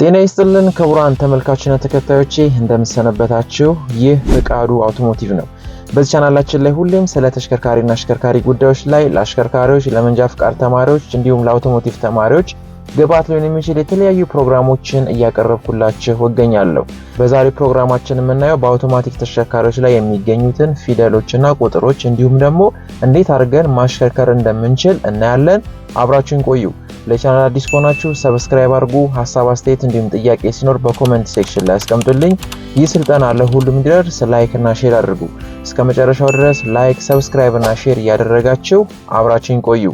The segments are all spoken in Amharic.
ጤና ይስጥልን ክቡራን ተመልካችና ተከታዮቼ እንደምሰነበታችሁ። ይህ ፍቃዱ አውቶሞቲቭ ነው። በዚህ ቻናላችን ላይ ሁሌም ስለ ተሽከርካሪና አሽከርካሪ ጉዳዮች ላይ ለአሽከርካሪዎች፣ ለመንጃ ፍቃድ ተማሪዎች እንዲሁም ለአውቶሞቲቭ ተማሪዎች ግብዓት ሊሆን የሚችል የተለያዩ ፕሮግራሞችን እያቀረብኩላችሁ እገኛለሁ። በዛሬው ፕሮግራማችን የምናየው በአውቶማቲክ ተሽከርካሪዎች ላይ የሚገኙትን ፊደሎችና ቁጥሮች እንዲሁም ደግሞ እንዴት አድርገን ማሽከርከር እንደምንችል እናያለን። አብራችን ቆዩ። ለቻናል አዲስ ከሆናችሁ ሰብስክራይብ አድርጉ። ሀሳብ አስተያየት፣ እንዲሁም ጥያቄ ሲኖር በኮመንት ሴክሽን ላይ አስቀምጡልኝ። ይህ ስልጠና ለሁሉም እንዲደርስ ላይክ እና ሼር አድርጉ። እስከ መጨረሻው ድረስ ላይክ፣ ሰብስክራይብ እና ሼር እያደረጋችሁ አብራችን ቆዩ።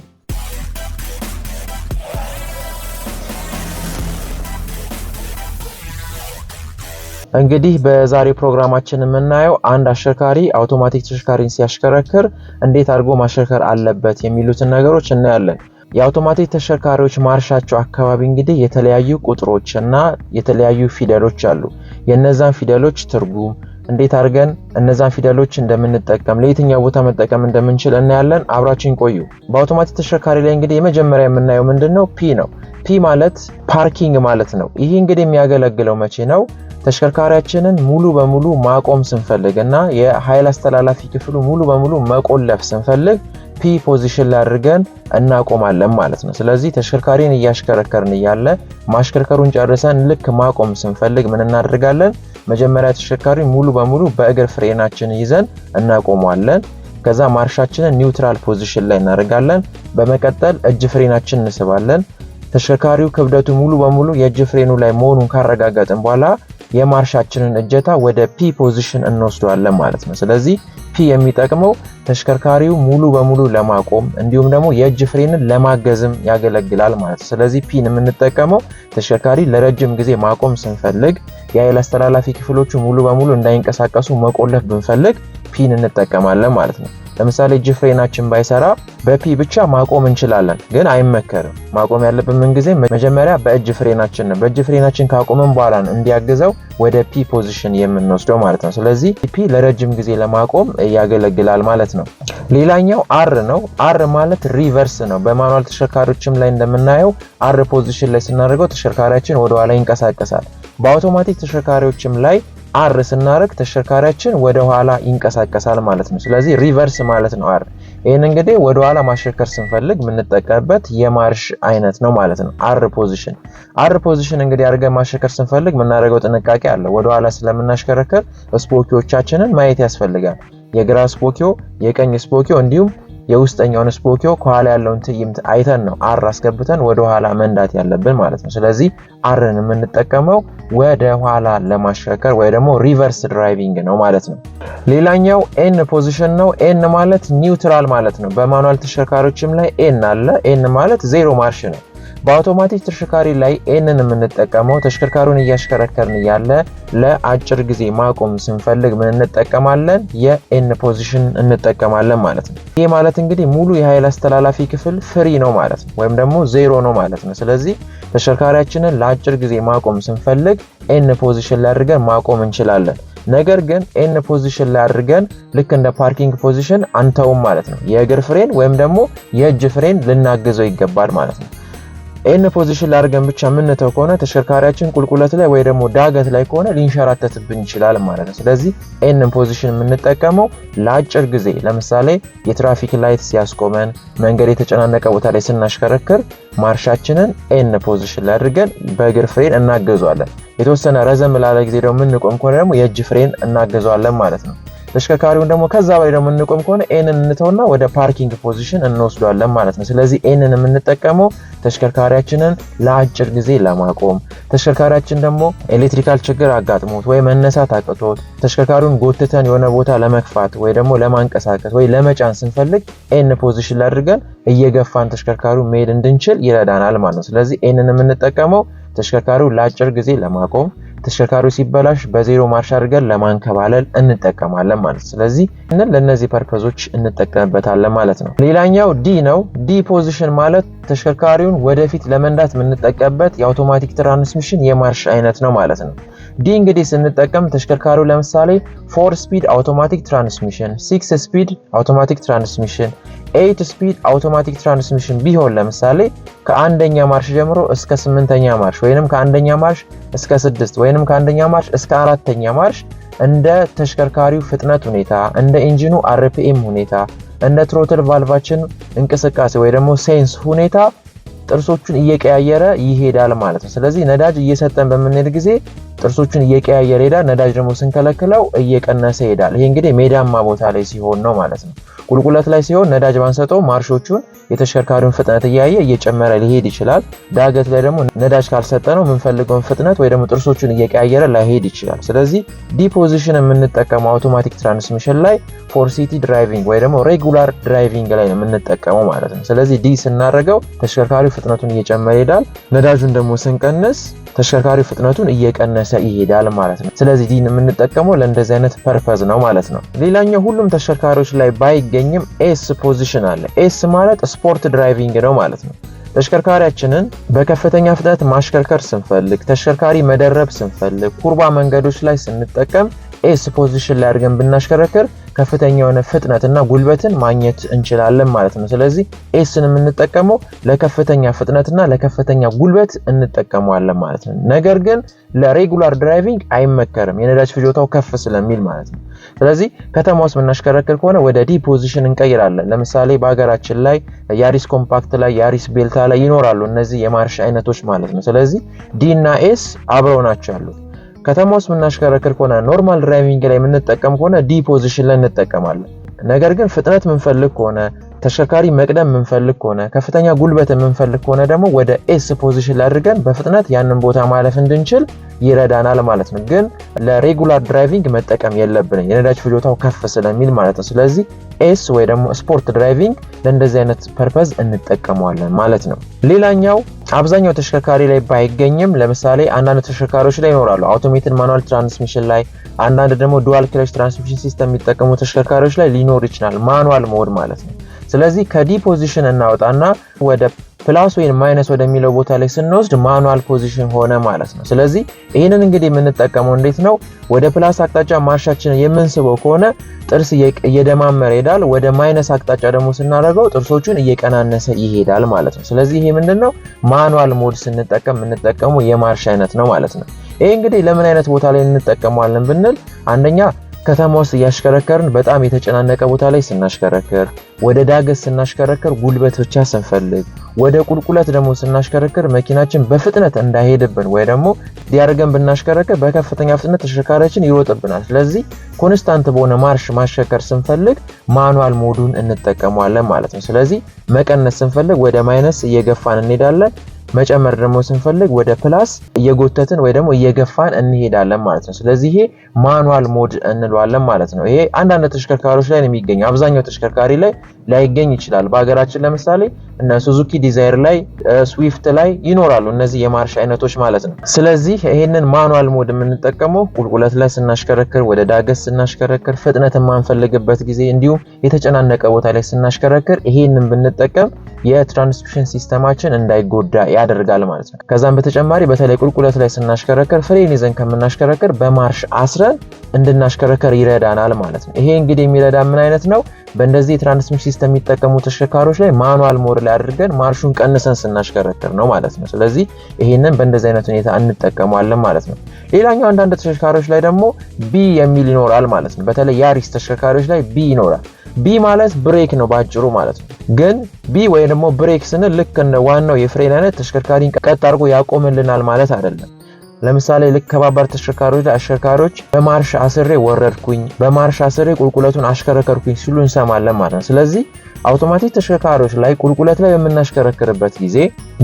እንግዲህ በዛሬ ፕሮግራማችን የምናየው አንድ አሽከርካሪ አውቶማቲክ ተሽከርካሪን ሲያሽከረክር እንዴት አድርጎ ማሽከርከር አለበት የሚሉትን ነገሮች እናያለን። የአውቶማቲክ ተሽከርካሪዎች ማርሻቸው አካባቢ እንግዲህ የተለያዩ ቁጥሮች እና የተለያዩ ፊደሎች አሉ። የእነዛን ፊደሎች ትርጉም እንዴት አድርገን እነዛን ፊደሎች እንደምንጠቀም ለየትኛው ቦታ መጠቀም እንደምንችል እናያለን። አብራችን ቆዩ። በአውቶማቲክ ተሽከርካሪ ላይ እንግዲህ የመጀመሪያ የምናየው ምንድን ነው? ፒ ነው። ፒ ማለት ፓርኪንግ ማለት ነው። ይህ እንግዲህ የሚያገለግለው መቼ ነው? ተሽከርካሪያችንን ሙሉ በሙሉ ማቆም ስንፈልግ እና የኃይል አስተላላፊ ክፍሉ ሙሉ በሙሉ መቆለፍ ስንፈልግ ፒ ፖዚሽን ላይ አድርገን እናቆማለን ማለት ነው። ስለዚህ ተሽከርካሪን እያሽከረከርን እያለ ማሽከርከሩን ጨርሰን ልክ ማቆም ስንፈልግ ምን እናደርጋለን? መጀመሪያ ተሽከርካሪ ሙሉ በሙሉ በእግር ፍሬናችን ይዘን እናቆሟለን። ከዛ ማርሻችንን ኒውትራል ፖዚሽን ላይ እናደርጋለን። በመቀጠል እጅ ፍሬናችን እንስባለን። ተሽከርካሪው ክብደቱ ሙሉ በሙሉ የእጅ ፍሬኑ ላይ መሆኑን ካረጋገጥን በኋላ የማርሻችንን እጀታ ወደ ፒ ፖዚሽን እንወስደዋለን ማለት ነው። ስለዚህ ፒ የሚጠቅመው ተሽከርካሪው ሙሉ በሙሉ ለማቆም እንዲሁም ደግሞ የእጅ ፍሬንን ለማገዝም ያገለግላል ማለት ነው። ስለዚህ ፒን የምንጠቀመው ተሽከርካሪ ለረጅም ጊዜ ማቆም ስንፈልግ፣ የኃይል አስተላላፊ ክፍሎቹ ሙሉ በሙሉ እንዳይንቀሳቀሱ መቆለፍ ብንፈልግ ፒን እንጠቀማለን ማለት ነው። ለምሳሌ እጅ ፍሬናችን ባይሰራ በፒ ብቻ ማቆም እንችላለን፣ ግን አይመከርም። ማቆም ያለብን ምን ጊዜ መጀመሪያ በእጅ ፍሬናችን ነው። በእጅ ፍሬናችን ካቆምን በኋላ እንዲያግዘው ወደ ፒ ፖዚሽን የምንወስደው ማለት ነው። ስለዚህ ፒ ለረጅም ጊዜ ለማቆም ያገለግላል ማለት ነው። ሌላኛው አር ነው። አር ማለት ሪቨርስ ነው። በማኑዋል ተሽከርካሪዎችም ላይ እንደምናየው አር ፖዚሽን ላይ ስናደርገው ተሽከርካሪያችን ወደኋላ ይንቀሳቀሳል። በአውቶማቲክ ተሽከርካሪዎችም ላይ አር ስናደርግ ተሽከርካሪያችን ወደ ኋላ ይንቀሳቀሳል ማለት ነው። ስለዚህ ሪቨርስ ማለት ነው አር። ይህን እንግዲህ ወደ ኋላ ማሸከር ስንፈልግ የምንጠቀምበት የማርሽ አይነት ነው ማለት ነው። አር ፖዚሽን አር ፖዚሽን እንግዲህ አድርገን ማሸከር ስንፈልግ የምናደርገው ጥንቃቄ አለ። ወደ ኋላ ስለምናሽከረከር ስፖኪዎቻችንን ማየት ያስፈልጋል። የግራ ስፖኪዮ፣ የቀኝ ስፖኪዮ እንዲሁም የውስጠኛውን ስፖኪዮ ከኋላ ያለውን ትዕይንት አይተን ነው አር አስገብተን ወደ ኋላ መንዳት ያለብን ማለት ነው። ስለዚህ አርን የምንጠቀመው ወደ ኋላ ለማሽከርከር ወይ ደግሞ ሪቨርስ ድራይቪንግ ነው ማለት ነው። ሌላኛው ኤን ፖዚሽን ነው። ኤን ማለት ኒውትራል ማለት ነው። በማኑዋል ተሽከርካሪዎችም ላይ ኤን አለ። ኤን ማለት ዜሮ ማርሽ ነው። በአውቶማቲክ ተሽከርካሪ ላይ ኤንን የምንጠቀመው ተሽከርካሪውን እያሽከረከርን ያለ ለአጭር ጊዜ ማቆም ስንፈልግ ምን እንጠቀማለን? የኤን ፖዚሽን እንጠቀማለን ማለት ነው። ይህ ማለት እንግዲህ ሙሉ የኃይል አስተላላፊ ክፍል ፍሪ ነው ማለት ነው፣ ወይም ደግሞ ዜሮ ነው ማለት ነው። ስለዚህ ተሽከርካሪያችንን ለአጭር ጊዜ ማቆም ስንፈልግ ኤን ፖዚሽን ላይ አድርገን ማቆም እንችላለን። ነገር ግን ኤን ፖዚሽን ላይ አድርገን ልክ እንደ ፓርኪንግ ፖዚሽን አንተውም ማለት ነው። የእግር ፍሬን ወይም ደግሞ የእጅ ፍሬን ልናግዘው ይገባል ማለት ነው። ይህን ፖዚሽን ላድርገን ብቻ የምንተው ከሆነ ተሽከርካሪያችን ቁልቁለት ላይ ወይ ደግሞ ዳገት ላይ ከሆነ ሊንሸራተትብን ይችላል ማለት ነው። ስለዚህ ይህንን ፖዚሽን የምንጠቀመው ለአጭር ጊዜ ለምሳሌ የትራፊክ ላይት ሲያስቆመን፣ መንገድ የተጨናነቀ ቦታ ላይ ስናሽከረክር ማርሻችንን ኤን ፖዚሽን ላይ አድርገን በእግር ፍሬን እናገዟለን። የተወሰነ ረዘም ላለ ጊዜ ደግሞ የምንቆም ከሆነ ደግሞ የእጅ ፍሬን እናገዟለን ማለት ነው። ተሽከርካሪውን ደግሞ ከዛ በላይ ደግሞ እንቆም ከሆነ ኤንን እንተውና ወደ ፓርኪንግ ፖዚሽን እንወስዷለን ማለት ነው። ስለዚህ ኤንን የምንጠቀመው ተሽከርካሪያችንን ለአጭር ጊዜ ለማቆም ተሽከርካሪያችን ደግሞ ኤሌክትሪካል ችግር አጋጥሞት ወይ መነሳት አቅቶት ተሽከርካሪውን ጎትተን የሆነ ቦታ ለመግፋት ወይ ደግሞ ለማንቀሳቀስ ወይ ለመጫን ስንፈልግ ኤን ፖዚሽን ላድርገን እየገፋን ተሽከርካሪው መሄድ እንድንችል ይረዳናል ማለት ነው። ስለዚህ ኤንን የምንጠቀመው ተሽከርካሪው ለአጭር ጊዜ ለማቆም ተሽከርካሪው ሲበላሽ በዜሮ ማርሽ አድርገን ለማንከባለል እንጠቀማለን ማለት ነው። ስለዚህ እንን ለእነዚህ ፐርፐዞች እንጠቀምበታለን ማለት ነው። ሌላኛው ዲ ነው። ዲ ፖዚሽን ማለት ተሽከርካሪውን ወደፊት ለመንዳት የምንጠቀምበት የአውቶማቲክ ትራንስሚሽን የማርሽ አይነት ነው ማለት ነው። ዲ እንግዲህ ስንጠቀም ተሽከርካሪው ለምሳሌ ፎር ስፒድ አውቶማቲክ ትራንስሚሽን፣ ሲክስ ስፒድ አውቶማቲክ ትራንስሚሽን፣ ኤይት ስፒድ አውቶማቲክ ትራንስሚሽን ቢሆን ለምሳሌ ከአንደኛ ማርሽ ጀምሮ እስከ ስምንተኛ ማርሽ ወይንም ከአንደኛ ማርሽ እስከ ስድስት ወይንም ከአንደኛ ማርሽ እስከ አራተኛ ማርሽ እንደ ተሽከርካሪው ፍጥነት ሁኔታ፣ እንደ ኢንጂኑ አርፒኤም ሁኔታ፣ እንደ ትሮትል ቫልቫችን እንቅስቃሴ ወይ ደግሞ ሴንስ ሁኔታ ጥርሶቹን እየቀያየረ ይሄዳል ማለት ነው። ስለዚህ ነዳጅ እየሰጠን በምንሄድ ጊዜ ጥርሶቹን እየቀያየረ ይሄዳል። ነዳጅ ደግሞ ስንከለክለው እየቀነሰ ይሄዳል። ይሄ እንግዲህ ሜዳማ ቦታ ላይ ሲሆን ነው ማለት ነው። ቁልቁለት ላይ ሲሆን ነዳጅ ባንሰጠው ማርሾቹን የተሽከርካሪውን ፍጥነት እያየ እየጨመረ ሊሄድ ይችላል። ዳገት ላይ ደግሞ ነዳጅ ካልሰጠ ነው የምንፈልገውን ፍጥነት ወይ ደግሞ ጥርሶቹን እየቀያየረ ላይሄድ ይችላል። ስለዚህ ዲፖዚሽን የምንጠቀመው አውቶማቲክ ትራንስሚሽን ላይ ፎር ሲቲ ድራይቪንግ ወይ ደግሞ ሬጉላር ድራይቪንግ ላይ ነው የምንጠቀመው ማለት ነው። ስለዚህ ዲ ስናደርገው ተሽከርካሪው ፍጥነቱን እየጨመረ ይሄዳል። ነዳጁን ደግሞ ስንቀንስ ተሽከርካሪው ፍጥነቱን እየቀነሰ ይሄዳል ማለት ነው። ስለዚህ ዲን የምንጠቀመው ለእንደዚህ አይነት ፐርፐዝ ነው ማለት ነው። ሌላኛው ሁሉም ተሽከርካሪዎች ላይ ባይገ የሚገኝም ኤስ ፖዚሽን አለ። ኤስ ማለት ስፖርት ድራይቪንግ ነው ማለት ነው። ተሽከርካሪያችንን በከፍተኛ ፍጥነት ማሽከርከር ስንፈልግ፣ ተሽከርካሪ መደረብ ስንፈልግ፣ ኩርባ መንገዶች ላይ ስንጠቀም ኤስ ፖዚሽን ላይ አድርገን ብናሽከረክር ከፍተኛ የሆነ ፍጥነትና ጉልበትን ማግኘት እንችላለን ማለት ነው። ስለዚህ ኤስን የምንጠቀመው ለከፍተኛ ፍጥነትና ለከፍተኛ ጉልበት እንጠቀመዋለን ማለት ነው። ነገር ግን ለሬጉላር ድራይቪንግ አይመከርም፣ የነዳጅ ፍጆታው ከፍ ስለሚል ማለት ነው። ስለዚህ ከተማ ውስጥ የምናሽከረክር ከሆነ ወደ ዲ ፖዚሽን እንቀይራለን። ለምሳሌ በሀገራችን ላይ ያሪስ ኮምፓክት ላይ፣ ያሪስ ቤልታ ላይ ይኖራሉ እነዚህ የማርሽ አይነቶች ማለት ነው። ስለዚህ ዲ እና ኤስ አብረው ናቸው ያሉት። ከተማ ውስጥ የምናሽከረክር ከሆነ ኖርማል ድራይቪንግ ላይ የምንጠቀም ከሆነ ዲ ፖዚሽን ላይ እንጠቀማለን። ነገር ግን ፍጥነት የምንፈልግ ከሆነ ተሽከርካሪ መቅደም የምንፈልግ ከሆነ ከፍተኛ ጉልበት የምንፈልግ ከሆነ ደግሞ ወደ ኤስ ፖዚሽን አድርገን በፍጥነት ያንን ቦታ ማለፍ እንድንችል ይረዳናል ማለት ነው። ግን ለሬጉላር ድራይቪንግ መጠቀም የለብንም የነዳጅ ፍጆታው ከፍ ስለሚል ማለት ነው። ስለዚህ ኤስ ወይ ደግሞ ስፖርት ድራይቪንግ ለእንደዚህ አይነት ፐርፐዝ እንጠቀመዋለን ማለት ነው። ሌላኛው አብዛኛው ተሽከርካሪ ላይ ባይገኝም ለምሳሌ አንዳንድ ተሽከርካሪዎች ላይ ይኖራሉ። አውቶሜትድ ማኑዋል ትራንስሚሽን ላይ፣ አንዳንድ ደግሞ ዱዋል ክለች ትራንስሚሽን ሲስተም የሚጠቀሙ ተሽከርካሪዎች ላይ ሊኖር ይችላል። ማኑዋል ሞድ ማለት ነው። ስለዚህ ከዲ ፖዚሽን እናወጣና ወደ ፕላስ ወይም ማይነስ ወደሚለው ቦታ ላይ ስንወስድ ማኑዋል ፖዚሽን ሆነ ማለት ነው። ስለዚህ ይህንን እንግዲህ የምንጠቀመው እንዴት ነው? ወደ ፕላስ አቅጣጫ ማርሻችንን የምንስበው ከሆነ ጥርስ እየደማመረ ይሄዳል። ወደ ማይነስ አቅጣጫ ደግሞ ስናደርገው ጥርሶቹን እየቀናነሰ ይሄዳል ማለት ነው። ስለዚህ ይሄ ምንድን ነው? ማኑዋል ሞድ ስንጠቀም የምንጠቀመው የማርሽ አይነት ነው ማለት ነው። ይሄ እንግዲህ ለምን አይነት ቦታ ላይ እንጠቀመዋለን ብንል አንደኛ ከተማ ውስጥ እያሽከረከርን በጣም የተጨናነቀ ቦታ ላይ ስናሽከረክር፣ ወደ ዳገት ስናሽከረክር ጉልበት ብቻ ስንፈልግ፣ ወደ ቁልቁለት ደግሞ ስናሽከረክር መኪናችን በፍጥነት እንዳይሄድብን ወይ ደግሞ ሊያደርገን ብናሽከረክር በከፍተኛ ፍጥነት ተሽከርካሪያችን ይሮጥብናል። ስለዚህ ኮንስታንት በሆነ ማርሽ ማሽከርከር ስንፈልግ ማኑዋል ሞዱን እንጠቀመዋለን ማለት ነው። ስለዚህ መቀነስ ስንፈልግ ወደ ማይነስ እየገፋን እንሄዳለን። መጨመር ደግሞ ስንፈልግ ወደ ፕላስ እየጎተትን ወይ ደግሞ እየገፋን እንሄዳለን ማለት ነው። ስለዚህ ይሄ ማኑዋል ሞድ እንለዋለን ማለት ነው። ይሄ አንዳንድ ተሽከርካሪዎች ላይ ነው የሚገኘው። አብዛኛው ተሽከርካሪ ላይ ላይገኝ ይችላል። በሀገራችን ለምሳሌ እነ ሱዙኪ ዲዛይር ላይ፣ ስዊፍት ላይ ይኖራሉ እነዚህ የማርሽ አይነቶች ማለት ነው። ስለዚህ ይሄንን ማኑዋል ሞድ የምንጠቀመው ቁልቁለት ላይ ስናሽከረክር፣ ወደ ዳገት ስናሽከረክር፣ ፍጥነት የማንፈልግበት ጊዜ እንዲሁም የተጨናነቀ ቦታ ላይ ስናሽከረክር ይሄንን ብንጠቀም የትራንስሚሽን ሲስተማችን እንዳይጎዳ ያደርጋል ማለት ነው። ከዛም በተጨማሪ በተለይ ቁልቁለት ላይ ስናሽከረከር ፍሬን ይዘን ከምናሽከረከር በማርሽ አስረን እንድናሽከረከር ይረዳናል ማለት ነው። ይሄ እንግዲህ የሚረዳ ምን አይነት ነው? በእንደዚህ የትራንስሚሽን ሲስተም የሚጠቀሙ ተሽከርካሪዎች ላይ ማኑዋል ሞድ ላይ አድርገን ማርሹን ቀንሰን ስናሽከረክር ነው ማለት ነው። ስለዚህ ይሄንን በእንደዚህ አይነት ሁኔታ እንጠቀማለን ማለት ነው። ሌላኛው አንዳንድ ተሽከርካሪዎች ላይ ደግሞ ቢ የሚል ይኖራል ማለት ነው። በተለይ ያሪስ ተሽከርካሪዎች ላይ ቢ ይኖራል። ቢ ማለት ብሬክ ነው ባጭሩ ማለት ነው። ግን ቢ ወይ ደግሞ ብሬክ ስንል ልክ እንደ ዋናው የፍሬን አይነት ተሽከርካሪን ቀጥ አድርጎ ያቆምልናል ማለት አይደለም። ለምሳሌ ልክ ከባባድ ተሽከርካሪዎች አሽከርካሪዎች በማርሽ አስሬ ወረድኩኝ፣ በማርሽ አስሬ ቁልቁለቱን አሽከረከርኩኝ ሲሉ እንሰማለን ማለት ነው። ስለዚህ አውቶማቲክ ተሽከርካሪዎች ላይ ቁልቁለት ላይ በምናሽከረክርበት ጊዜ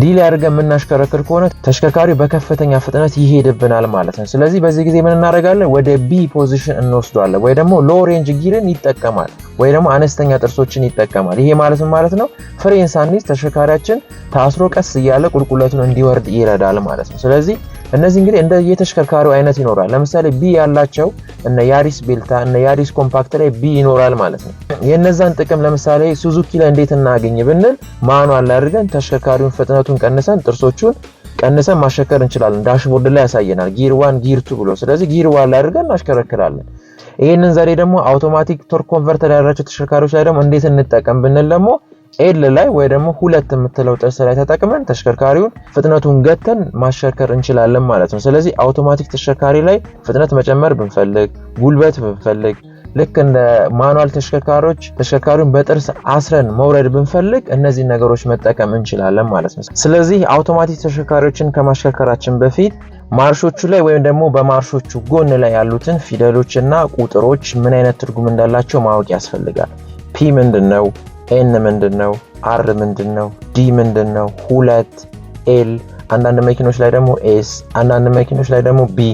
ዲል አድርገን የምናሽከረክር ከሆነ ተሽከርካሪው በከፍተኛ ፍጥነት ይሄድብናል ማለት ነው። ስለዚህ በዚህ ጊዜ ምን እናደርጋለን? ወደ ቢ ፖዚሽን እንወስዷለን። ወይ ደግሞ ሎ ሬንጅ ጊርን ይጠቀማል፣ ወይ ደግሞ አነስተኛ ጥርሶችን ይጠቀማል። ይሄ ማለት ማለት ነው ፍሬን ሳንይዝ ተሽከርካሪያችን ታስሮ ቀስ እያለ ቁልቁለቱን እንዲወርድ ይረዳል ማለት ነው። ስለዚህ እነዚህ እንግዲህ እንደ የተሽከርካሪው አይነት ይኖራል። ለምሳሌ ቢ ያላቸው እነ ያሪስ ቤልታ እነ ያሪስ ኮምፓክት ላይ ቢ ይኖራል ማለት ነው። የእነዛን ጥቅም ለምሳሌ ሱዙኪ ላይ እንዴት እናገኝ ብንል ማኑዋል አድርገን ተሽከርካሪውን ፍጥነቱን ቀንሰን ጥርሶቹን ቀንሰን ማሸከር እንችላለን። ዳሽቦርድ ላይ ያሳየናል ጊር ዋን ጊር ቱ ብሎ። ስለዚህ ጊር ዋን ላይ አድርገን እናሽከረክራለን። ይህንን ዛሬ ደግሞ አውቶማቲክ ቶርክ ኮንቨርተር ያላቸው ተሽከርካሪዎች ላይ ደግሞ እንዴት እንጠቀም ብንል ደግሞ ኤል ላይ ወይ ደግሞ ሁለት የምትለው ጥርስ ላይ ተጠቅመን ተሽከርካሪውን ፍጥነቱን ገተን ማሽከርከር እንችላለን ማለት ነው። ስለዚህ አውቶማቲክ ተሽከርካሪ ላይ ፍጥነት መጨመር ብንፈልግ፣ ጉልበት ብንፈልግ ልክ እንደ ማኑዋል ተሽከርካሪዎች ተሽከርካሪውን በጥርስ አስረን መውረድ ብንፈልግ እነዚህን ነገሮች መጠቀም እንችላለን ማለት ነው። ስለዚህ አውቶማቲክ ተሽከርካሪዎችን ከማሽከርከራችን በፊት ማርሾቹ ላይ ወይም ደግሞ በማርሾቹ ጎን ላይ ያሉትን ፊደሎችና ቁጥሮች ምን አይነት ትርጉም እንዳላቸው ማወቅ ያስፈልጋል። ፒ ምንድን ነው? ኤን ምንድን ነው? አር ምንድን ነው? ዲ ምንድን ነው? ሁለት ኤል አንዳንድ መኪኖች ላይ ደግሞ ኤስ አንዳንድ መኪኖች ላይ ደግሞ ቢ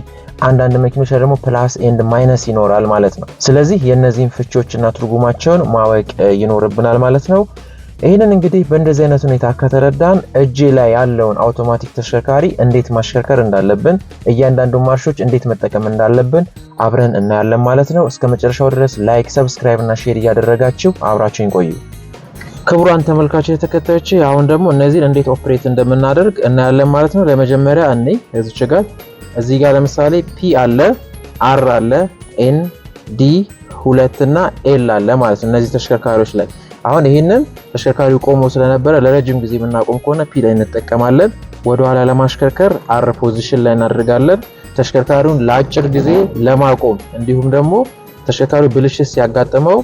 አንዳንድ መኪኖች ላይ ደግሞ ፕላስ ኤንድ ማይነስ ይኖራል ማለት ነው። ስለዚህ የእነዚህን ፍቾችና ትርጉማቸውን ማወቅ ይኖርብናል ማለት ነው። ይህንን እንግዲህ በእንደዚህ አይነት ሁኔታ ከተረዳን እጅ ላይ ያለውን አውቶማቲክ ተሽከርካሪ እንዴት ማሽከርከር እንዳለብን፣ እያንዳንዱ ማርሾች እንዴት መጠቀም እንዳለብን አብረን እናያለን ማለት ነው። እስከ መጨረሻው ድረስ ላይክ፣ ሰብስክራይብ እና ሼር እያደረጋችሁ አብራችሁን ቆዩ። ክቡራን ተመልካች የተከታዮች አሁን ደግሞ እነዚህን እንዴት ኦፕሬት እንደምናደርግ እናያለን ማለት ነው። ለመጀመሪያ እኔ እዚች ጋር እዚህ ጋር ለምሳሌ ፒ አለ፣ አር አለ፣ ኤን ዲ ሁለት እና ኤል አለ ማለት ነው። እነዚህ ተሽከርካሪዎች ላይ አሁን ይህንን ተሽከርካሪው ቆሞ ስለነበረ ለረጅም ጊዜ የምናቆም ከሆነ ፒ ላይ እንጠቀማለን። ወደኋላ ለማሽከርከር አር ፖዚሽን ላይ እናደርጋለን። ተሽከርካሪውን ለአጭር ጊዜ ለማቆም እንዲሁም ደግሞ ተሽከርካሪው ብልሽት ሲያጋጥመው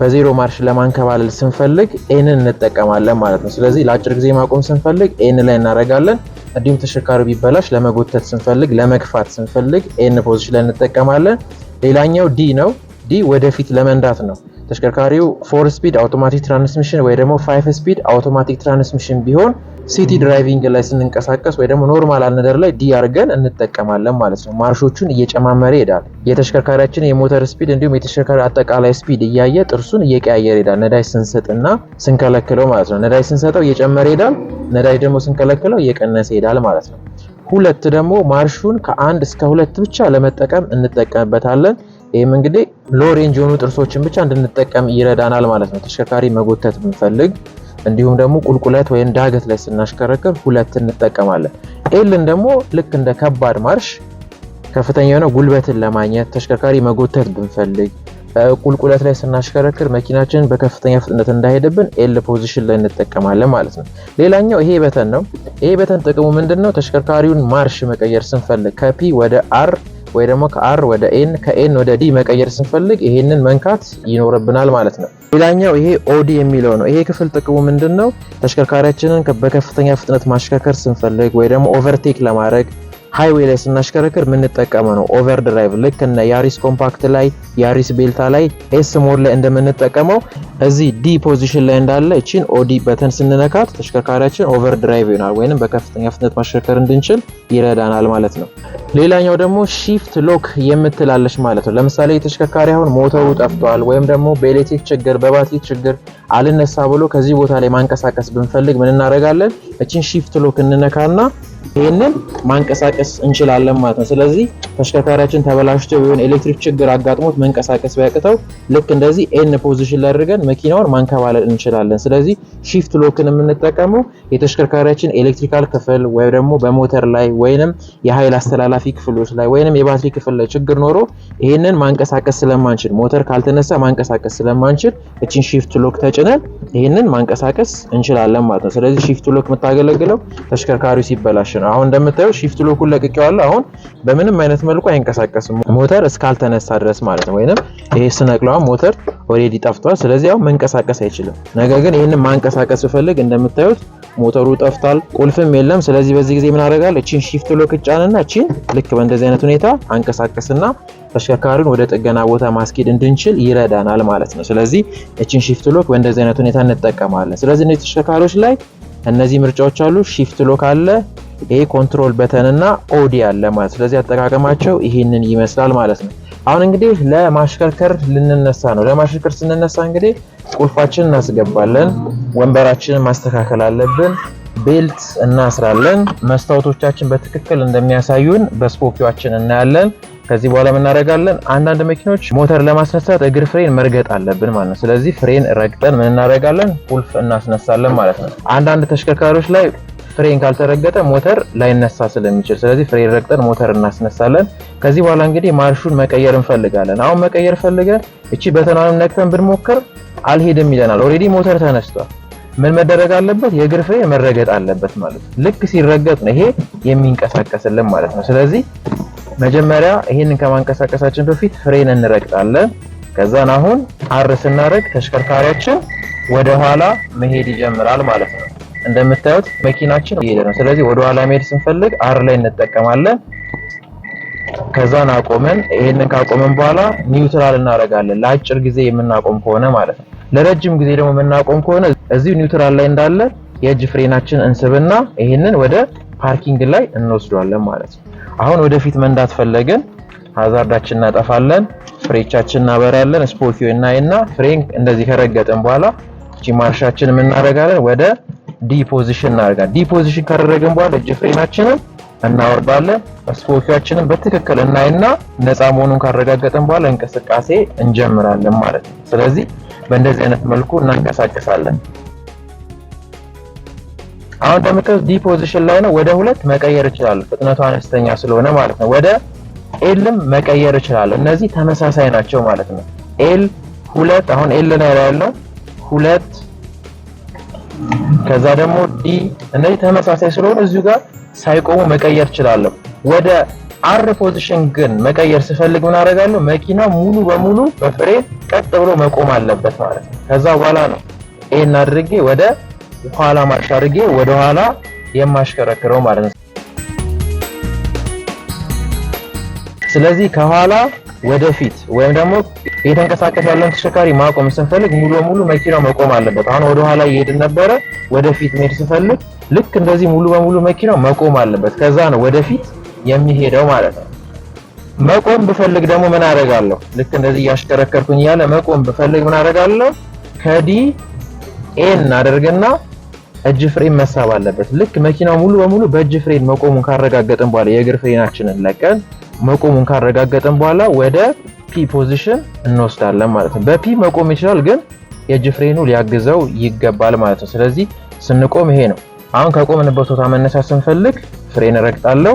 በዜሮ ማርሽ ለማንከባለል ስንፈልግ ኤንን እንጠቀማለን ማለት ነው። ስለዚህ ለአጭር ጊዜ ማቆም ስንፈልግ ኤን ላይ እናደርጋለን። እንዲሁም ተሽከርካሪ ቢበላሽ ለመጎተት ስንፈልግ፣ ለመግፋት ስንፈልግ ኤን ፖዚሽን ላይ እንጠቀማለን። ሌላኛው ዲ ነው። ዲ ወደፊት ለመንዳት ነው። ተሽከርካሪው ፎር ስፒድ አውቶማቲክ ትራንስሚሽን ወይ ደግሞ ፋይቭ ስፒድ አውቶማቲክ ትራንስሚሽን ቢሆን ሲቲ ድራይቪንግ ላይ ስንንቀሳቀስ ወይ ደግሞ ኖርማል አልነደር ላይ ዲ አድርገን እንጠቀማለን ማለት ነው። ማርሾቹን እየጨማመረ ይሄዳል። የተሽከርካሪያችን የሞተር ስፒድ እንዲሁም የተሽከርካሪ አጠቃላይ ስፒድ እያየ ጥርሱን እየቀያየረ ይሄዳል። ነዳጅ ስንሰጥና ስንከለክለው ማለት ነው። ነዳጅ ስንሰጠው እየጨመረ ይሄዳል። ነዳጅ ደግሞ ስንከለክለው እየቀነሰ ይሄዳል ማለት ነው። ሁለት ደግሞ ማርሹን ከአንድ እስከ ሁለት ብቻ ለመጠቀም እንጠቀምበታለን። ይህም እንግዲህ ሎ ሬንጅ የሆኑ ጥርሶችን ብቻ እንድንጠቀም ይረዳናል ማለት ነው። ተሽከርካሪ መጎተት ብንፈልግ እንዲሁም ደግሞ ቁልቁለት ወይም ዳገት ላይ ስናሽከረክር ሁለት እንጠቀማለን። ኤልን ደግሞ ልክ እንደ ከባድ ማርሽ ከፍተኛ የሆነ ጉልበትን ለማግኘት ተሽከርካሪ መጎተት ብንፈልግ ቁልቁለት ላይ ስናሽከረክር መኪናችን በከፍተኛ ፍጥነት እንዳይሄድብን ኤል ፖዚሽን ላይ እንጠቀማለን ማለት ነው። ሌላኛው ይሄ በተን ነው። ይሄ በተን ጥቅሙ ምንድን ነው? ተሽከርካሪውን ማርሽ መቀየር ስንፈልግ ከፒ ወደ አር ወይ ደግሞ ከአር ወደ ኤን ከኤን ወደ ዲ መቀየር ስንፈልግ ይሄንን መንካት ይኖርብናል ማለት ነው። ሌላኛው ይሄ ኦዲ የሚለው ነው። ይሄ ክፍል ጥቅሙ ምንድን ነው? ተሽከርካሪያችንን በከፍተኛ ፍጥነት ማሽከርከር ስንፈልግ ወይ ደግሞ ኦቨርቴክ ለማድረግ ሃይዌይ ላይ ስናሽከረክር የምንጠቀመው ነው። ኦቨር ድራይቭ ልክ እነ ያሪስ ኮምፓክት ላይ ያሪስ ቤልታ ላይ ኤስ ሞድ ላይ እንደምንጠቀመው እዚህ ዲ ፖዚሽን ላይ እንዳለ እቺን ኦዲ በተን ስንነካት ተሽከርካሪያችን ኦቨር ድራይቭ ይሆናል፣ ወይንም በከፍተኛ ፍጥነት ማሽከርከር እንድንችል ይረዳናል ማለት ነው። ሌላኛው ደግሞ ሺፍት ሎክ የምትላለች ማለት ነው። ለምሳሌ ተሽከርካሪ አሁን ሞተሩ ጠፍቷል ወይም ደግሞ በኤሌክትሪክ ችግር በባትሪ ችግር አልነሳ ብሎ ከዚህ ቦታ ላይ ማንቀሳቀስ ብንፈልግ ምን እናደርጋለን? እቺን ሺፍት ሎክ እንነካና ይህንን ማንቀሳቀስ እንችላለን ማለት ነው። ስለዚህ ተሽከርካሪያችን ተበላሽቶ የሆነ ኤሌክትሪክ ችግር አጋጥሞት መንቀሳቀስ ቢያቅተው ልክ እንደዚህ ኤን ፖዚሽን ላድርገን መኪናውን ማንከባለል እንችላለን። ስለዚህ ሺፍት ሎክን የምንጠቀመው የተሽከርካሪያችን ኤሌክትሪካል ክፍል ወይም ደግሞ በሞተር ላይ ወይንም የኃይል አስተላላፊ ክፍሎች ላይ ወይንም የባትሪ ክፍል ላይ ችግር ኖሮ ይህንን ማንቀሳቀስ ስለማንችል ሞተር ካልተነሳ ማንቀሳቀስ ስለማንችል እችን ሺፍት ሎክ ተጭነን ይህንን ማንቀሳቀስ እንችላለን ማለት ነው። ስለዚህ ሺፍት ሎክ የምታገለግለው ተሽከርካሪው ሲበላሽ ኦፕሽን አሁን እንደምታየው ሺፍት ሎኩን ለቅቄዋለሁ። አሁን በምንም አይነት መልኩ አይንቀሳቀስም ሞተር እስካልተነሳ ድረስ ማለት ነው። ወይንም ይሄ ስነቅለዋ ሞተር ኦልሬዲ ጠፍቷል። ስለዚህ አሁን መንቀሳቀስ አይችልም። ነገር ግን ይህንን ማንቀሳቀስ ብፈልግ እንደምታዩት ሞተሩ ጠፍቷል፣ ቁልፍም የለም። ስለዚህ በዚህ ጊዜ ምን አደርጋለሁ? እቺን ሺፍት ሎክ እጫንና እቺን ልክ በእንደዚህ አይነት ሁኔታ አንቀሳቀስና ተሽከርካሪውን ወደ ጥገና ቦታ ማስኬድ እንድንችል ይረዳናል ማለት ነው። ስለዚህ እቺን ሺፍት ሎክ በእንደዚህ አይነት ሁኔታ እንጠቀማለን። ስለዚህ እነዚህ ተሽከርካሪዎች ላይ እነዚህ ምርጫዎች አሉ። ሺፍት ሎክ አለ፣ ይሄ ኮንትሮል እና ኦዲ አለ ማለት። ስለዚህ አጠቃቀማቸው ይህንን ይመስላል ማለት ነው። አሁን እንግዲህ ለማሽከርከር ልንነሳ ነው። ለማሽከርከር ስንነሳ እንግዲህ ቁልፋችን እናስገባለን፣ ወንበራችንን ማስተካከል አለብን፣ ቤልት እናስራለን፣ መስታወቶቻችን በትክክል እንደሚያሳዩን በስፖኪዋችን እናያለን። ከዚህ በኋላ ምናደርጋለን? አንዳንድ መኪኖች ሞተር ለማስነሳት እግር ፍሬን መርገጥ አለብን ማለት ነው። ስለዚህ ፍሬን ረግጠን ምን እናደርጋለን? ቁልፍ እናስነሳለን ማለት ነው። አንዳንድ ተሽከርካሪዎች ላይ ፍሬን ካልተረገጠ ሞተር ላይነሳ ስለሚችል ስለዚህ ፍሬን ረግጠን ሞተር እናስነሳለን። ከዚህ በኋላ እንግዲህ ማርሹን መቀየር እንፈልጋለን። አሁን መቀየር ፈልገን እቺ በተናንም ነክተን ብንሞክር አልሄድም ይለናል። ኦልሬዲ ሞተር ተነስቷል። ምን መደረግ አለበት? የእግር ፍሬ መረገጥ አለበት ማለት ነው። ልክ ሲረገጥ ነው ይሄ የሚንቀሳቀስልን ማለት ነው። ስለዚህ መጀመሪያ ይሄንን ከማንቀሳቀሳችን በፊት ፍሬን እንረግጣለን። ከዛን አሁን አር ስናደርግ ተሽከርካሪያችን ወደኋላ መሄድ ይጀምራል ማለት ነው። እንደምታዩት መኪናችን እየሄደ ነው። ስለዚህ ወደኋላ መሄድ ስንፈልግ አር ላይ እንጠቀማለን። ከዛን አቆመን። ይሄንን ካቆመን በኋላ ኒውትራል እናደርጋለን። ለአጭር ጊዜ የምናቆም ከሆነ ማለት ነው። ለረጅም ጊዜ ደግሞ የምናቆም ከሆነ እዚሁ ኒውትራል ላይ እንዳለ የእጅ ፍሬናችን እንስብና ይህንን ወደ ፓርኪንግ ላይ እንወስዷለን ማለት ነው። አሁን ወደፊት መንዳት ፈለግን፣ ሀዛርዳችን እናጠፋለን፣ ፍሬቻችን እናበራለን፣ ስፖኪዮ እናይና ፍሬን እንደዚህ ከረገጥን በኋላ እቺ ማርሻችን የምናደርጋለን ወደ ዲ ፖዚሽን እናደርጋለን። ዲ ፖዚሽን ካደረግን በኋላ እጅ ፍሬናችንን እናወርዳለን። ስፖኪያችንን በትክክል እናይና ነፃ መሆኑን ካረጋገጥን በኋላ እንቅስቃሴ እንጀምራለን ማለት ነው። ስለዚህ በእንደዚህ አይነት መልኩ እናንቀሳቀሳለን። አሁን እንደምታዩት ዲ ፖዚሽን ላይ ነው። ወደ ሁለት መቀየር ይችላል፣ ፍጥነቱ አነስተኛ ስለሆነ ማለት ነው። ወደ ኤልም መቀየር ይችላል። እነዚህ ተመሳሳይ ናቸው ማለት ነው። ኤል ሁለት፣ አሁን ኤል ላይ ያለው ሁለት፣ ከዛ ደግሞ ዲ። እነዚህ ተመሳሳይ ስለሆነ እዚሁ ጋር ሳይቆሙ መቀየር እችላለሁ። ወደ አር ፖዚሽን ግን መቀየር ስፈልግ ምን አደርጋለሁ? መኪና ሙሉ በሙሉ በፍሬን ቀጥ ብሎ መቆም አለበት ማለት ነው። ከዛ በኋላ ነው ይሄን አድርጌ ወደ ኋላ ማርሽ አድርጌ ወደ ኋላ የማሽከረክረው ማለት ነው። ስለዚህ ከኋላ ወደፊት ወይም ደግሞ እየተንቀሳቀስ ያለን ተሽከርካሪ ማቆም ስንፈልግ ሙሉ በሙሉ መኪናው መቆም አለበት። አሁን ወደ ኋላ እየሄድን ነበረ። ወደፊት መሄድ ስንፈልግ ልክ እንደዚህ ሙሉ በሙሉ መኪናው መቆም አለበት። ከዛ ነው ወደፊት የሚሄደው ማለት ነው። መቆም ብፈልግ ደግሞ ምን አደርጋለሁ? ልክ እንደዚህ እያሽከረከርኩኝ ያለ መቆም ብፈልግ ምን አደርጋለሁ? ከዲ ኤን አደርግና እጅ ፍሬን መሳብ አለበት። ልክ መኪናው ሙሉ በሙሉ በእጅ ፍሬን መቆሙን ካረጋገጥን በኋላ የእግር ፍሬናችንን ለቀን መቆሙን ካረጋገጥን በኋላ ወደ ፒ ፖዚሽን እንወስዳለን ማለት ነው። በፒ መቆም ይችላል፣ ግን የእጅ ፍሬኑ ሊያግዘው ይገባል ማለት ነው። ስለዚህ ስንቆም ይሄ ነው። አሁን ከቆምንበት ቦታ መነሳት ስንፈልግ ፍሬን ረግጣለሁ፣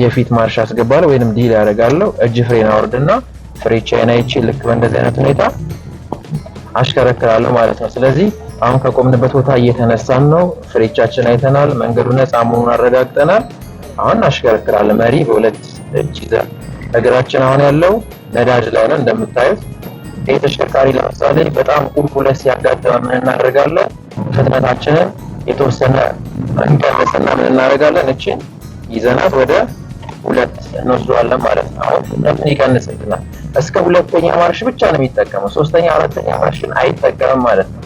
የፊት ማርሽ አስገባለሁ ወይንም ዲል ያደርጋለሁ። እጅ ፍሬን አወርድና ፍሬቻዬን አይቼ ልክ በእንደዚህ አይነት ሁኔታ አሽከረክራለሁ ማለት ነው። ስለዚህ አሁን ከቆምንበት ቦታ እየተነሳን ነው። ፍሬቻችን አይተናል፣ መንገዱ ነፃ መሆኑን አረጋግጠናል። አሁን አሽከረክራለሁ። መሪ በሁለት እጅ ይዘን እግራችን አሁን ያለው ነዳጅ ላይ ነው እንደምታዩት። ይህ ተሽከርካሪ ለምሳሌ በጣም ቁልቁለት ሲያጋጥመን ምን እናደርጋለን? ፍጥነታችንን የተወሰነ እንዳነሰና ምን እናደርጋለን? እችን ይዘናት ወደ ሁለት እንወስደዋለን ማለት ነው። አሁን ሁለትን ይቀንስልናል። እስከ ሁለተኛ ማርሽ ብቻ ነው የሚጠቀመው። ሶስተኛ፣ አራተኛ ማርሽን አይጠቀምም ማለት ነው።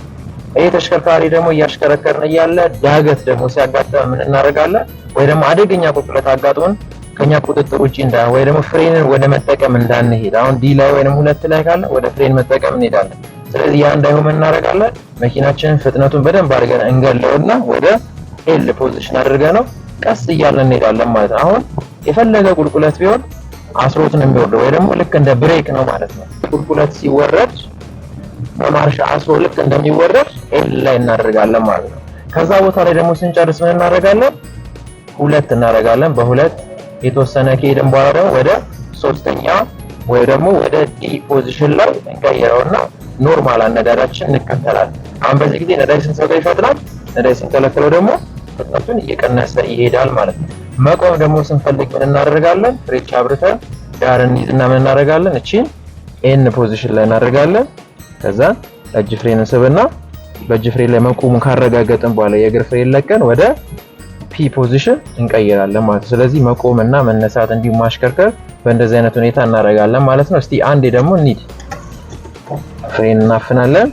ይህ ተሽከርካሪ ደግሞ እያሽከረከርን እያለ ዳገት ደግሞ ሲያጋጥመን ምን እናደርጋለን? ወይ ደግሞ አደገኛ ቁጥረት አጋጥሞን ከኛ ቁጥጥር ውጭ እንዳ ወይ ደግሞ ፍሬንን ወደ መጠቀም እንዳንሄድ አሁን ዲ ላይ ወይም ሁለት ላይ ካለ ወደ ፍሬን መጠቀም እንሄዳለን። ስለዚህ ያ እንዳይሆን እናደርጋለን። መኪናችንን ፍጥነቱን በደንብ አድርገን እንገለውና ወደ ኤል ፖዚሽን አድርገ ነው ቀስ እያለን እንሄዳለን ማለት ነው። አሁን የፈለገ ቁልቁለት ቢሆን አስሮትን የሚወርደው ወይ ደግሞ ልክ እንደ ብሬክ ነው ማለት ነው። ቁልቁለት ሲወረድ በማርሻ አስሮ ልክ እንደሚወረድ ኤል ላይ እናደርጋለን ማለት ነው። ከዛ ቦታ ላይ ደግሞ ስንጨርስ ምን እናደርጋለን? ሁለት እናደርጋለን። በሁለት የተወሰነ ከሄድን በኋላ ደግሞ ወደ ሶስተኛ ወይ ደግሞ ወደ ዲ ፖዚሽን ላይ እንቀይረውና ኖርማል አነዳዳችን እንከተላለን። አሁን በዚህ ጊዜ ነዳጅ ስንሰጋ ይፈጥናል። ነዳጅ ስንከለክለው ደግሞ ፍጥነቱን እየቀነሰ ይሄዳል ማለት ነው። መቆም ደግሞ ስንፈልግ ምን እናደርጋለን? ፍሬቻ አብርተን ዳር ይዝና ምን እናደርጋለን? እቺን ኤን ፖዚሽን ላይ እናደርጋለን። ከዛ እጅ ፍሬን እንስብና በእጅ ፍሬን ላይ መቆሙን ካረጋገጥን በኋላ የእግር ፍሬን ለቀን ወደ ፒ ፖዚሽን እንቀይራለን ማለት ነው። ስለዚህ መቆምና መነሳት እንዲሁም ማሽከርከር በእንደዚህ አይነት ሁኔታ እናደርጋለን ማለት ነው። እስቲ አንዴ ደግሞ እንሂድ። ፍሬን እናፍናለን።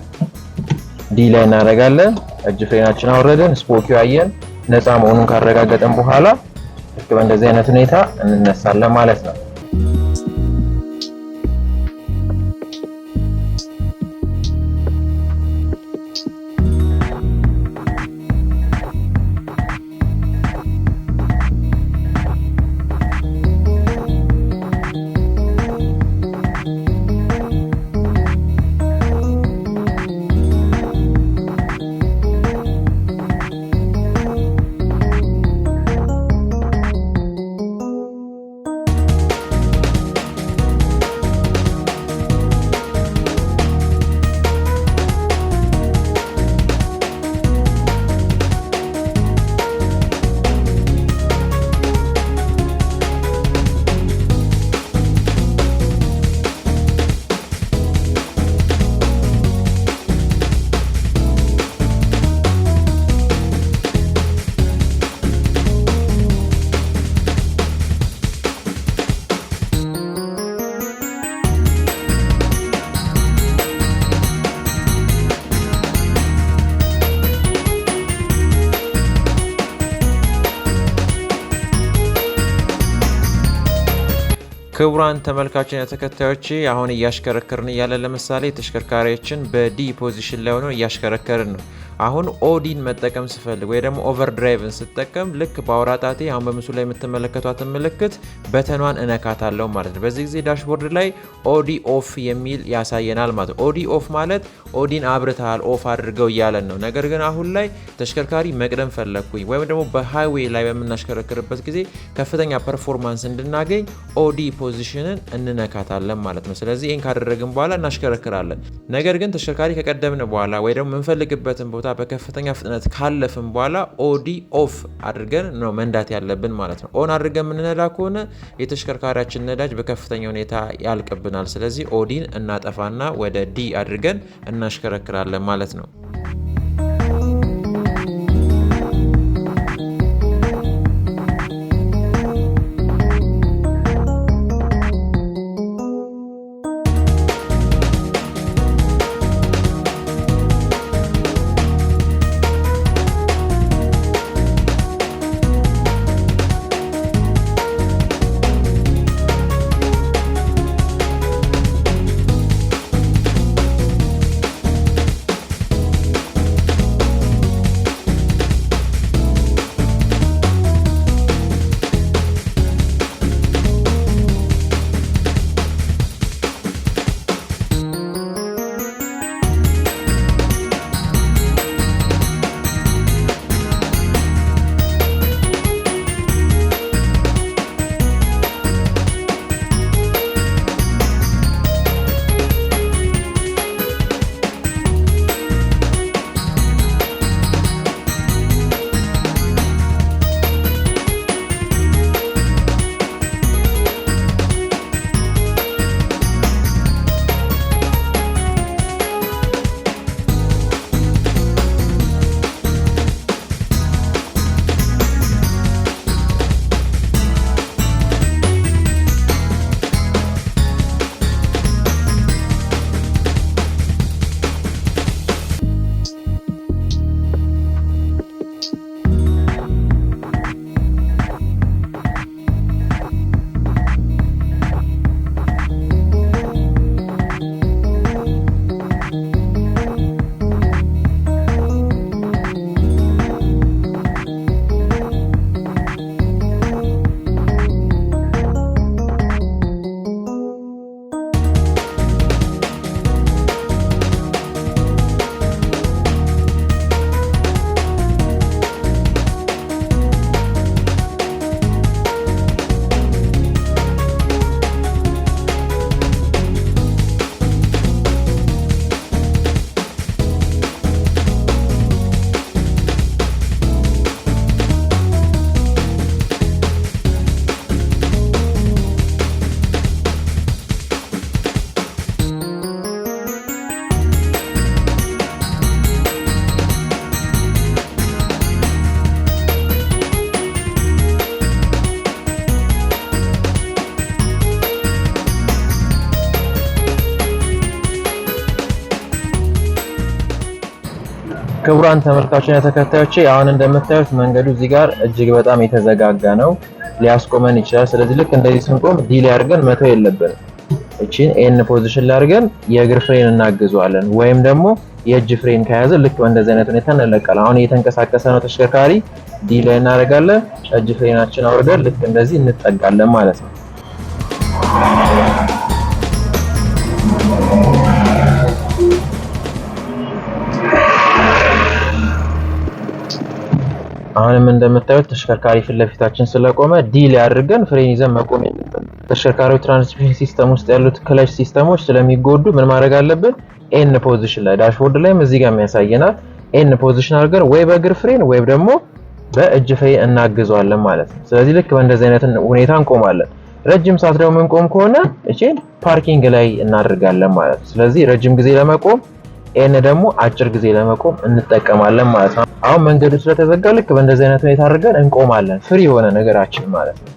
ዲ ላይ እናደርጋለን። እጅ ፍሬናችን አወረድን፣ ስፖኪው አየን። ነፃ መሆኑን ካረጋገጠን በኋላ ልክ በእንደዚህ አይነት ሁኔታ እንነሳለን ማለት ነው። ክቡራን ተመልካችን ተከታዮች አሁን እያሽከረከርን እያለ ለምሳሌ ተሽከርካሪዎችን በዲ ፖዚሽን ላይ ሆነው እያሽከረከርን ነው። አሁን ኦዲን መጠቀም ስፈልግ ወይ ደግሞ ኦቨር ድራይቭን ስጠቀም ልክ በአውራ ጣቴ አሁን በምስሉ ላይ የምትመለከቷትን ምልክት በተኗን አለው ማለት ነው። በዚህ ጊዜ ዳሽቦርድ ላይ ኦዲ ኦፍ የሚል ያሳየናል ማለት ነው። ኦዲ ኦፍ ማለት ኦዲን አብርተሃል ኦፍ አድርገው እያለን ነው። ነገር ግን አሁን ላይ ተሽከርካሪ መቅደም ፈለግኩኝ ወይም ደግሞ በሃይዌይ ላይ በምናሽከረክርበት ጊዜ ከፍተኛ ፐርፎርማንስ እንድናገኝ ኦዲ ፖዚሽንን እንነካታለን ማለት ነው። ስለዚህ ይህን ካደረግን በኋላ እናሽከረክራለን። ነገር ግን ተሽከርካሪ ከቀደምን በኋላ ወይ ደግሞ የምንፈልግበትን ቦታ በከፍተኛ ፍጥነት ካለፍን በኋላ ኦዲ ኦፍ አድርገን ነው መንዳት ያለብን ማለት ነው። ኦን አድርገን የምንነዳ ከሆነ የተሽከርካሪያችን ነዳጅ በከፍተኛ ሁኔታ ያልቅብናል። ስለዚህ ኦዲን እናጠፋና ወደ ዲ አድርገን እናሽከረክራለን ማለት ነው። ክቡራን ተመልካቾችና ተከታዮቼ አሁን እንደምታዩት መንገዱ እዚህ ጋር እጅግ በጣም የተዘጋጋ ነው፣ ሊያስቆመን ይችላል። ስለዚህ ልክ እንደዚህ ስንቆም ዲ ላይ አድርገን መተው የለብንም። እቺን ኤን ፖዚሽን ላይ አድርገን የእግር ፍሬን እናግዘዋለን፣ ወይም ደግሞ የእጅ ፍሬን ከያዘ ልክ በእንደዚህ አይነት ሁኔታ እንለቀል። አሁን እየተንቀሳቀሰ ነው ተሽከርካሪ፣ ዲ ላይ እናደርጋለን፣ እጅ ፍሬናችን አውርደን ልክ እንደዚህ እንጠጋለን ማለት ነው። አሁንም እንደምታዩት ተሽከርካሪ ፊት ለፊታችን ስለቆመ ዲል አድርገን ፍሬን ይዘን መቆም የለብን። ተሽከርካሪዎች ትራንስሚሽን ሲስተም ውስጥ ያሉት ክለች ሲስተሞች ስለሚጎዱ ምን ማድረግ አለብን? ኤን ፖዚሽን ላይ ዳሽቦርድ ላይም እዚህ ጋር የሚያሳየናል። ኤን ፖዚሽን አድርገን ወይ በእግር ፍሬን ወይም ደግሞ በእጅ ፍሬን እናግዘዋለን ማለት ነው። ስለዚህ ልክ በእንደዚህ አይነት ሁኔታ እንቆማለን። ረጅም ሰዓት ደግሞ የምንቆም ከሆነ እቺን ፓርኪንግ ላይ እናደርጋለን ማለት ነው። ስለዚህ ረጅም ጊዜ ለመቆም ኤን ደግሞ አጭር ጊዜ ለመቆም እንጠቀማለን ማለት ነው። አሁን መንገዱ ስለተዘጋ ልክ በእንደዚህ አይነት ሁኔታ አድርገን እንቆማለን፣ ፍሪ የሆነ ነገራችን ማለት ነው።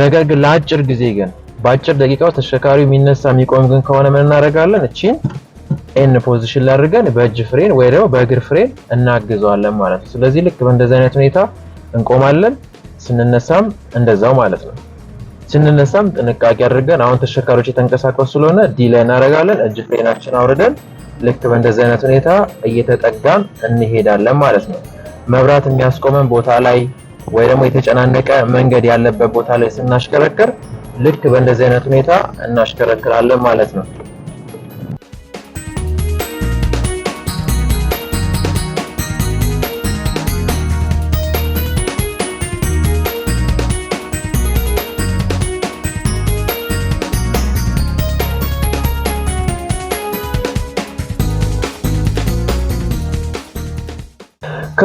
ነገር ግን ለአጭር ጊዜ ግን በአጭር ውስጥ ተሽከርካሪው የሚነሳ የሚቆም ግን ከሆነ ምን እናደርጋለን? እቺን ኤን ፖዚሽን ላይ አድርገን በእጅ ፍሬን ወይ ደግሞ በእግር ፍሬን እናግዘዋለን ማለት ነው። ስለዚህ ልክ በእንደዚህ አይነት ሁኔታ እንቆማለን። ስንነሳም እንደዛው ማለት ነው። ስንነሳም ጥንቃቄ አድርገን አሁን ተሽከርካሪዎች የተንቀሳቀሱ ስለሆነ ዲ ላይ እናደርጋለን። እጅ ፍሬናችን አውርደን ልክ በእንደዚህ አይነት ሁኔታ እየተጠጋን እንሄዳለን ማለት ነው። መብራት የሚያስቆመን ቦታ ላይ ወይ ደግሞ የተጨናነቀ መንገድ ያለበት ቦታ ላይ ስናሽከረክር ልክ በእንደዚህ አይነት ሁኔታ እናሽከረክራለን ማለት ነው።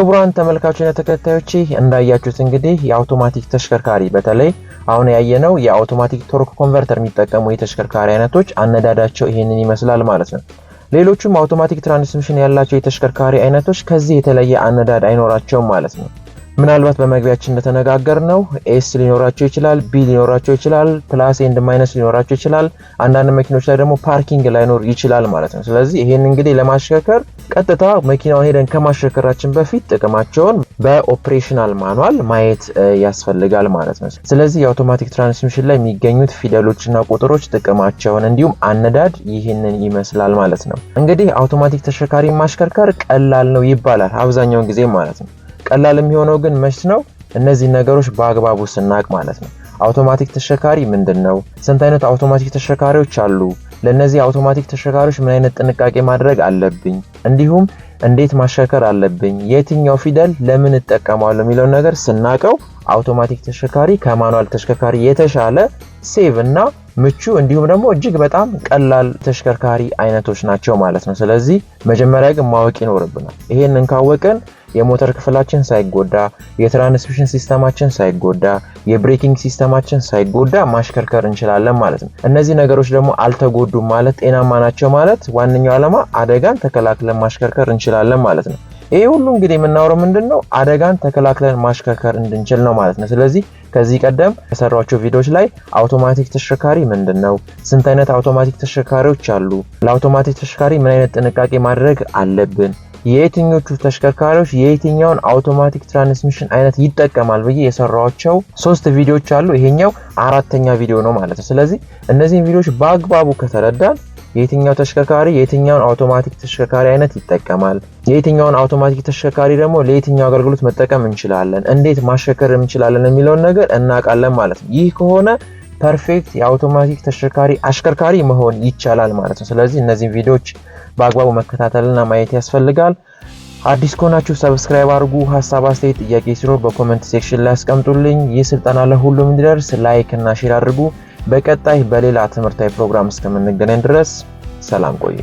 ክቡራን ተመልካችና ተከታዮች እንዳያችሁት እንግዲህ የአውቶማቲክ ተሽከርካሪ በተለይ አሁን ያየነው የአውቶማቲክ ቶርክ ኮንቨርተር የሚጠቀሙ የተሽከርካሪ አይነቶች አነዳዳቸው ይህንን ይመስላል ማለት ነው። ሌሎቹም አውቶማቲክ ትራንስሚሽን ያላቸው የተሽከርካሪ አይነቶች ከዚህ የተለየ አነዳድ አይኖራቸውም ማለት ነው። ምናልባት በመግቢያችን እንደተነጋገር ነው ኤስ ሊኖራቸው ይችላል፣ ቢ ሊኖራቸው ይችላል፣ ፕላስ ኤንድ ማይነስ ሊኖራቸው ይችላል። አንዳንድ መኪኖች ላይ ደግሞ ፓርኪንግ ላይኖር ይችላል ማለት ነው። ስለዚህ ይሄን እንግዲህ ለማሽከርከር ቀጥታ መኪናውን ሄደን ከማሽከርከራችን በፊት ጥቅማቸውን በኦፕሬሽናል ማኗል ማየት ያስፈልጋል ማለት ነው። ስለዚህ የአውቶማቲክ ትራንስሚሽን ላይ የሚገኙት ፊደሎችና ቁጥሮች ጥቅማቸውን፣ እንዲሁም አነዳድ ይህንን ይመስላል ማለት ነው። እንግዲህ አውቶማቲክ ተሽከርካሪ ማሽከርከር ቀላል ነው ይባላል አብዛኛውን ጊዜ ማለት ነው። ቀላል የሚሆነው ግን መች ነው? እነዚህ ነገሮች በአግባቡ ስናቅ ማለት ነው። አውቶማቲክ ተሸካሪ ምንድን ነው? ስንት አይነት አውቶማቲክ ተሸካሪዎች አሉ? ለእነዚህ አውቶማቲክ ተሸካሪዎች ምን አይነት ጥንቃቄ ማድረግ አለብኝ? እንዲሁም እንዴት ማሽከርከር አለብኝ? የትኛው ፊደል ለምን እጠቀማለሁ የሚለውን ነገር ስናቀው አውቶማቲክ ተሽከርካሪ ከማኑዋል ተሽከርካሪ የተሻለ ሴቭ እና ምቹ እንዲሁም ደግሞ እጅግ በጣም ቀላል ተሽከርካሪ አይነቶች ናቸው ማለት ነው። ስለዚህ መጀመሪያ ግን ማወቅ ይኖርብናል። ይሄንን ካወቅን የሞተር ክፍላችን ሳይጎዳ፣ የትራንስሚሽን ሲስተማችን ሳይጎዳ፣ የብሬኪንግ ሲስተማችን ሳይጎዳ ማሽከርከር እንችላለን ማለት ነው። እነዚህ ነገሮች ደግሞ አልተጎዱም ማለት ጤናማ ናቸው ማለት ዋነኛው ዓላማ አደጋን ተከላክለን ማሽከርከር እንችላለን ማለት ነው። ይሄ ሁሉ እንግዲህ የምናወረው ምንድን ነው? አደጋን ተከላክለን ማሽከርከር እንድንችል ነው ማለት ነው። ስለዚህ ከዚህ ቀደም ከሰሯቸው ቪዲዮዎች ላይ አውቶማቲክ ተሽከርካሪ ምንድን ነው? ስንት አይነት አውቶማቲክ ተሽከርካሪዎች አሉ? ለአውቶማቲክ ተሽከርካሪ ምን አይነት ጥንቃቄ ማድረግ አለብን? የየትኞቹ ተሽከርካሪዎች የየትኛውን አውቶማቲክ ትራንስሚሽን አይነት ይጠቀማል ብዬ የሰራኋቸው ሶስት ቪዲዮዎች አሉ። ይሄኛው አራተኛ ቪዲዮ ነው ማለት ነው። ስለዚህ እነዚህን ቪዲዮዎች በአግባቡ ከተረዳን የየትኛው ተሽከርካሪ የየትኛውን አውቶማቲክ ተሽከርካሪ አይነት ይጠቀማል፣ የየትኛውን አውቶማቲክ ተሽከርካሪ ደግሞ ለየትኛው አገልግሎት መጠቀም እንችላለን፣ እንዴት ማሽከርከር እንችላለን የሚለውን ነገር እናውቃለን ማለት ነው። ይህ ከሆነ ፐርፌክት የአውቶማቲክ ተሽከርካሪ አሽከርካሪ መሆን ይቻላል ማለት ነው። ስለዚህ እነዚህን ቪዲዮዎች በአግባቡ መከታተልና ማየት ያስፈልጋል። አዲስ ከሆናችሁ ሰብስክራይብ አድርጉ። ሀሳብ አስተያየት፣ ጥያቄ ሲኖር በኮመንት ሴክሽን ላይ አስቀምጡልኝ። ይህ ስልጠና ለሁሉም እንዲደርስ ላይክ እና ሼር አድርጉ። በቀጣይ በሌላ ትምህርታዊ ፕሮግራም እስከምንገናኝ ድረስ ሰላም ቆዩ።